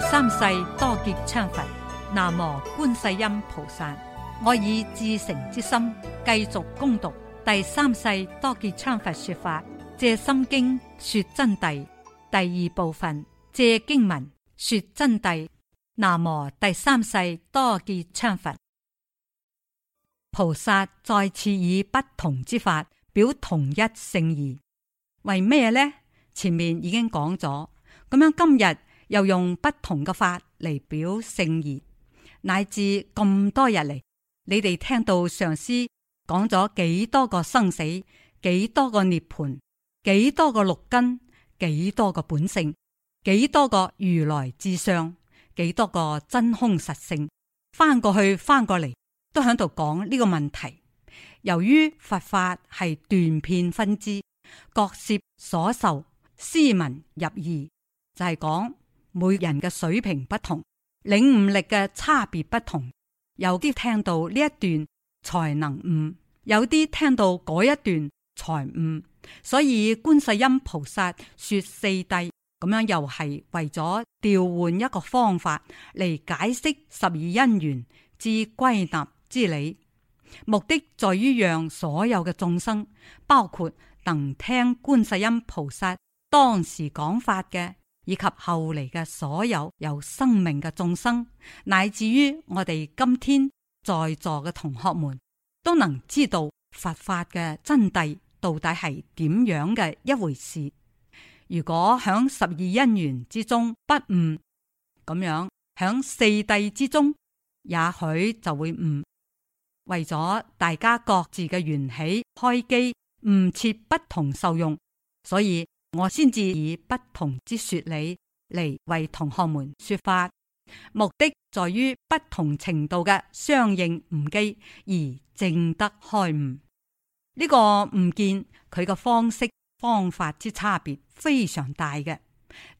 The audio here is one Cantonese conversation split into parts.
第三世多杰羌佛，南無觀世音菩薩。我以至誠之心繼續恭讀第三世多杰羌佛說法，借心經說真諦第二部分，借經文說真諦。南無第三世多杰羌佛菩薩，再次以不同之法表同一聖義。為咩呢？前面已經講咗，咁樣今日，又用不同嘅法嚟表性義，乃至咁多日嚟，你哋聽到上師講咗幾多個生死，幾多個涅槃，幾多個六根，幾多個本性，幾多個如來至相，幾多個真空實性，翻過去翻過嚟都喺度講呢個問題。由於佛法係斷片分支，各涉所受斯文入義，就係、是、講。每人嘅水平不同，領悟力嘅差別不同，有啲聽到呢一段才能悟，有啲聽到嗰一段才悟。所以觀世音菩薩說四諦咁樣，又係為咗調換一個方法嚟解釋十二因緣之歸納之理，目的在於讓所有嘅眾生，包括能聽觀世音菩薩當時講法嘅。以及後嚟嘅所有有生命嘅眾生，乃至於我哋今天在座嘅同學們，都能知道佛法嘅真諦到底係點樣嘅一回事。如果響十二因緣之中不悟，咁樣響四諦之中，也許就會悟。為咗大家各自嘅緣起開機，唔設不同受用，所以。我先至以不同之說理嚟，為同學們說法，目的在於不同程度嘅相應悟機而正得開悟。呢、這個悟見佢嘅方式方法之差別非常大嘅。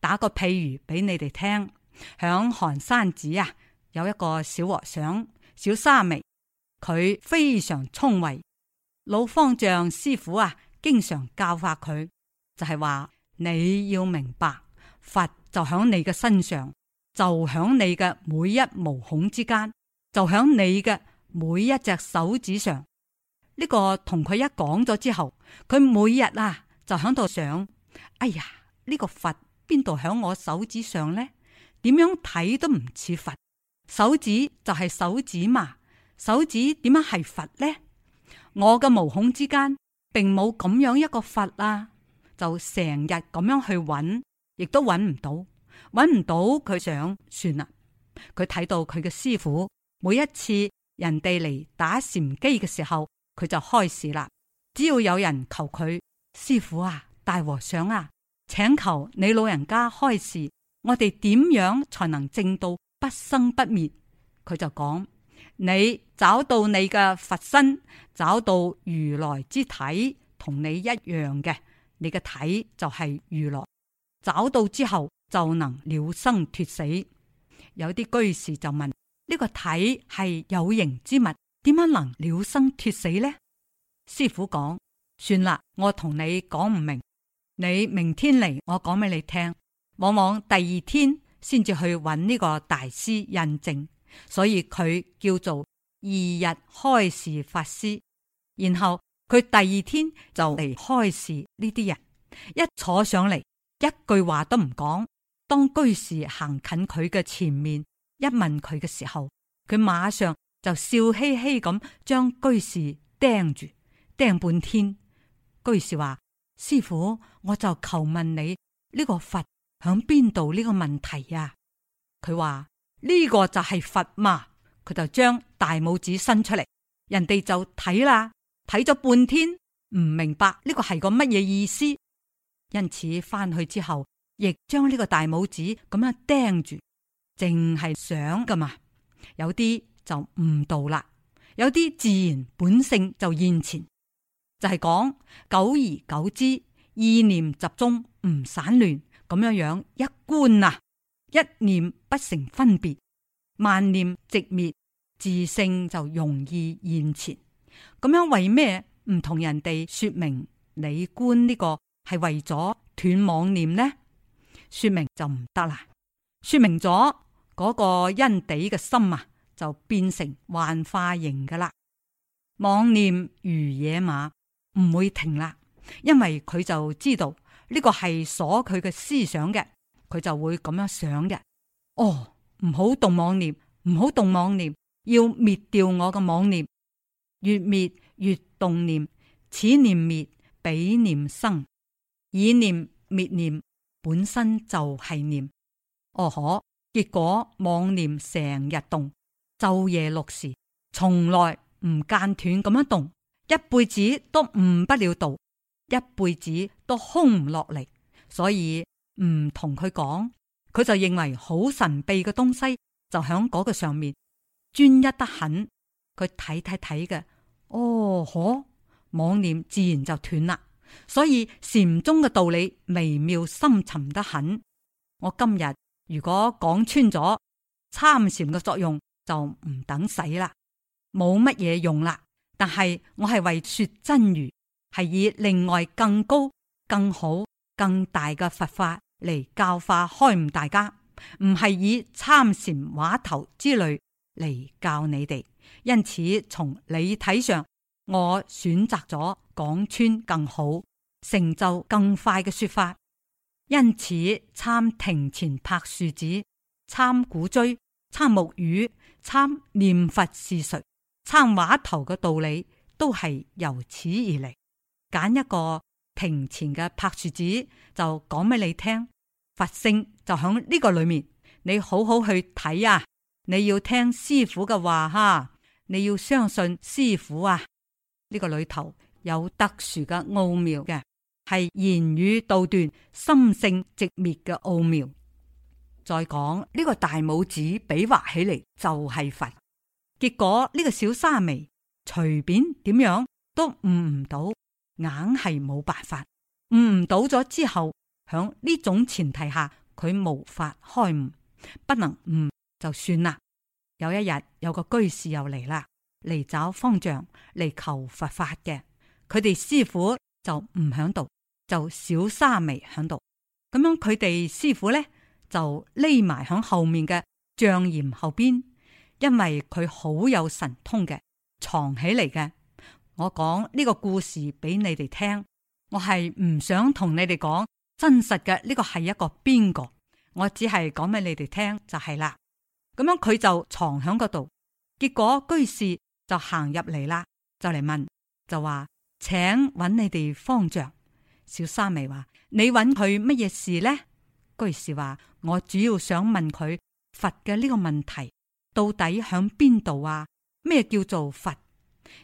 打個譬如俾你哋聽，響寒山寺啊，有一個小和尚小沙彌，佢非常聰慧，老方丈師傅啊，經常教化佢。就係話你要明白，佛就喺你嘅身上，就喺你嘅每一毛孔之間，就喺你嘅每一隻手指上。呢個同佢一講咗之後，佢每日啊就喺度想：哎呀，呢個佛邊度喺我手指上呢？點樣睇都唔似佛。手指就係手指嘛，手指點樣係佛呢？我嘅毛孔之間並冇咁樣一個佛啦。就成日咁樣去揾，亦都揾唔到，揾唔到佢想算啦。佢睇到佢嘅師父每一次人哋嚟打禪機嘅時候，佢就開始啦。只要有人求佢師父啊、大和尚啊，請求你老人家開示，我哋點樣才能證到不生不滅？佢就講：你找到你嘅佛身，找到如來之體，同你一樣嘅。你嘅體就係如來，找到之後就能了生脫死。有啲居士就問：呢個體係有形之物，點樣能了生脫死呢？師傅講：算啦，我同你講唔明，你明天嚟，我講俾你聽。往往第二天先至去揾呢個大師印證，所以佢叫做二日開示法師。然後。佢第二天就嚟開示呢啲人，一坐上嚟，一句話都唔講。當居士行近佢嘅前面，一問佢嘅時候，佢馬上就笑嘻嘻咁將居士盯住，盯半天。居士話：師傅，我就求問你呢、呢個佛響邊度呢個問題呀、啊？佢話呢個就係佛嘛，佢就將大拇指伸出嚟，人哋就睇啦。睇咗半天唔明白呢個係個乜嘢意思，因此返去之後亦將呢個大拇指咁樣釘住，淨係想噶嘛。有啲就誤導啦，有啲自然本性就現前，就係、是、講久而久之意念集中唔散亂咁樣樣一觀啊，一念不成分別，萬念直滅，自性就容易現前。咁樣為咩唔同人哋說明理觀呢個係為咗斷妄念呢？說明就唔得啦，說明咗嗰、那個因地嘅心啊，就變成幻化型噶啦。妄念如野馬，唔會停啦，因為佢就知道呢、這個係鎖佢嘅思想嘅，佢就會咁樣想嘅。哦，唔好動妄念，唔好動妄念，要滅掉我嘅妄念。越滅越動念，此念滅彼念生，以念滅念本身就係念。哦可，可結果妄念成日動，晝夜六時，從來唔間斷咁樣動，一輩子都悟不，不了道，一輩子都空唔落嚟。所以唔同佢講，佢就認為好神秘嘅東西就喺嗰個上面，專一得很。佢睇睇睇嘅，哦嗬，妄念自然就斷啦。所以禪宗嘅道理微妙深沉得很。我今日如果講穿咗參禪嘅作用就，就唔等使啦，冇乜嘢用啦。但係我係為說真如，係以另外更高、更好、更大嘅佛法嚟教化開悟大家，唔係以參禪話頭之類嚟教你哋。因此，從理體上，我選擇咗講穿更好、成就更快嘅說法。因此，參庭前柏樹子、參古錐、參木魚、參念佛是誰、參話頭嘅道理，都係由此而嚟。揀一個庭前嘅柏樹子，就講俾你聽，佛性就響呢個裏面。你好好去睇呀、啊，你要聽師傅嘅話哈。你要相信師父啊，呢個裏頭有特殊嘅奧妙嘅，係言語道斷、心性寂滅嘅奧妙。再講呢個大拇指比劃起嚟就係佛，結果呢個小沙彌隨便點樣都悟唔到，硬係冇辦法，悟唔到咗之後，響呢種前提下佢無法開悟，不能悟就算啦。有一日，有個居士又嚟啦，嚟找方丈嚟求佛法嘅。佢哋師傅就唔喺度，就小沙彌喺度。咁樣佢哋師傅呢，就匿埋響後面嘅象嚴後邊，因為佢好有神通嘅，藏起嚟嘅。我講呢個故事俾你哋聽，我係唔想同你哋講真實嘅呢個係一個邊個，我只係講俾你哋聽就係啦。咁樣佢就藏喺嗰度，結果居士就行入嚟啦，就嚟問，就話請揾你哋方丈。小沙彌話：你揾佢乜嘢事呢？居士話：我主要想問佢佛嘅呢個問題到底響邊度啊？咩叫做佛？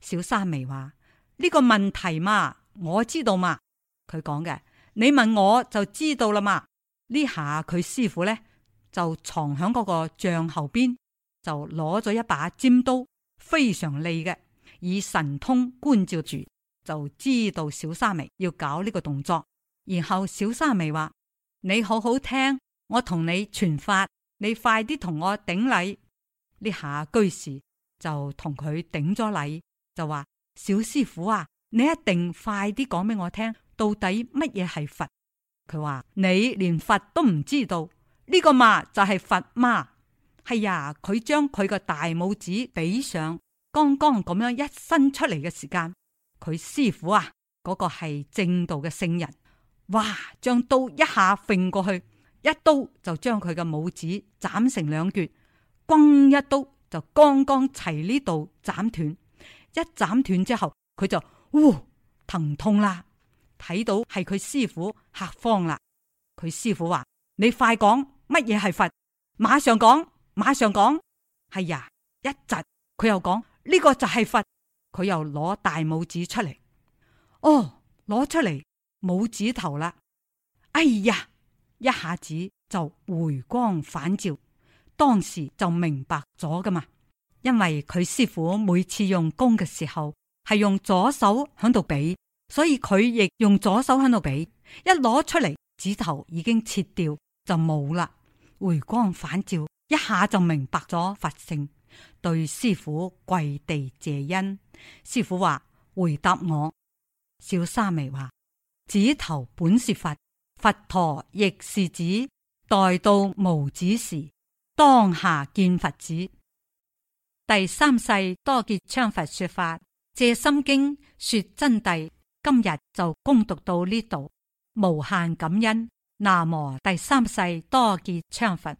小沙彌話：呢個問題嘛，我知道嘛。佢講嘅，你問我就知道啦嘛。呢下佢師傅咧。就藏響嗰個帳後邊，就攞咗一把尖刀，非常利嘅。以神通觀照住，就知道小沙彌要搞呢個動作。然後小沙彌話：你好好聽，我同你傳法，你快啲同我頂禮。呢下居士就同佢頂咗禮，就話：小師傅啊，你一定快啲講俾我聽，到底乜嘢係佛？佢話：你連佛都唔知道。呢個嘛，就係佛媽，係呀，佢將佢個大拇指比上，剛剛咁樣一伸出嚟嘅時間，佢師傅啊，嗰個係正道嘅聖人，哇！將刀一下揈過去，一刀就將佢嘅拇指斬成兩段，咣一刀就剛剛齊呢度斬斷，一斬斷之後佢就嗚疼痛啦，睇到係佢師傅，嚇慌啦，佢師傅話、啊：你快講！乜嘢係佛？馬上講，馬上講。係、哎、呀，一窒，佢又講呢、呢個就係佛。佢又攞大拇指出嚟，哦，攞出嚟，冇指頭啦。哎呀，一下子就回光返照，當時就明白咗噶嘛。因為佢師父每次用功嘅時候係用左手響度比，所以佢亦用左手響度比。一攞出嚟，指頭已經切掉就冇啦。回光返照，一下就明白咗佛性，對師父跪地謝恩。師父話：回答我。小沙彌話：指頭本是佛，佛陀亦是指，待到無指時，當下見佛子。第三世多杰羌佛說法，借心經說真諦。今日就攻讀到呢度，無限感恩。南無第三世多杰羌佛。